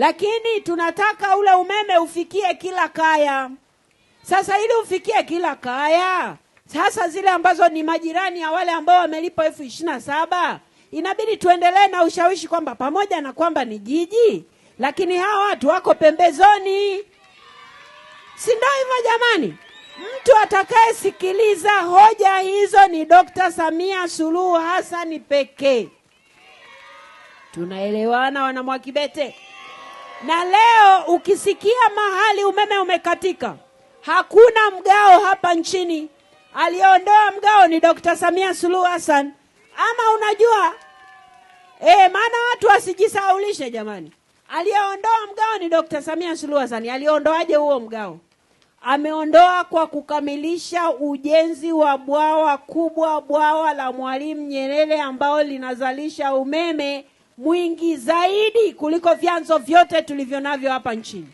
lakini tunataka ule umeme ufikie kila kaya. Sasa ili ufikie kila kaya, sasa zile ambazo ni majirani ya wale ambao wamelipa elfu ishirina saba inabidi tuendelee na ushawishi kwamba pamoja na kwamba ni jiji, lakini hawa watu wako pembezoni, si ndio hivyo jamani? Mtu atakayesikiliza hoja hizo ni dokta Samia Suluhu Hassan pekee. Tunaelewana, wanamwakibete na leo ukisikia mahali umeme umekatika, hakuna mgao hapa nchini. Aliondoa mgao ni Dr. Samia Suluhu Hassan, ama unajua e, maana watu wasijisaulishe jamani. Aliyeondoa mgao ni Dr. Samia Suluhu Hassan. Aliondoaje huo mgao? Ameondoa kwa kukamilisha ujenzi wa bwawa kubwa, bwawa la Mwalimu Nyerere ambao linazalisha umeme mwingi zaidi kuliko vyanzo vyote tulivyo navyo hapa nchini.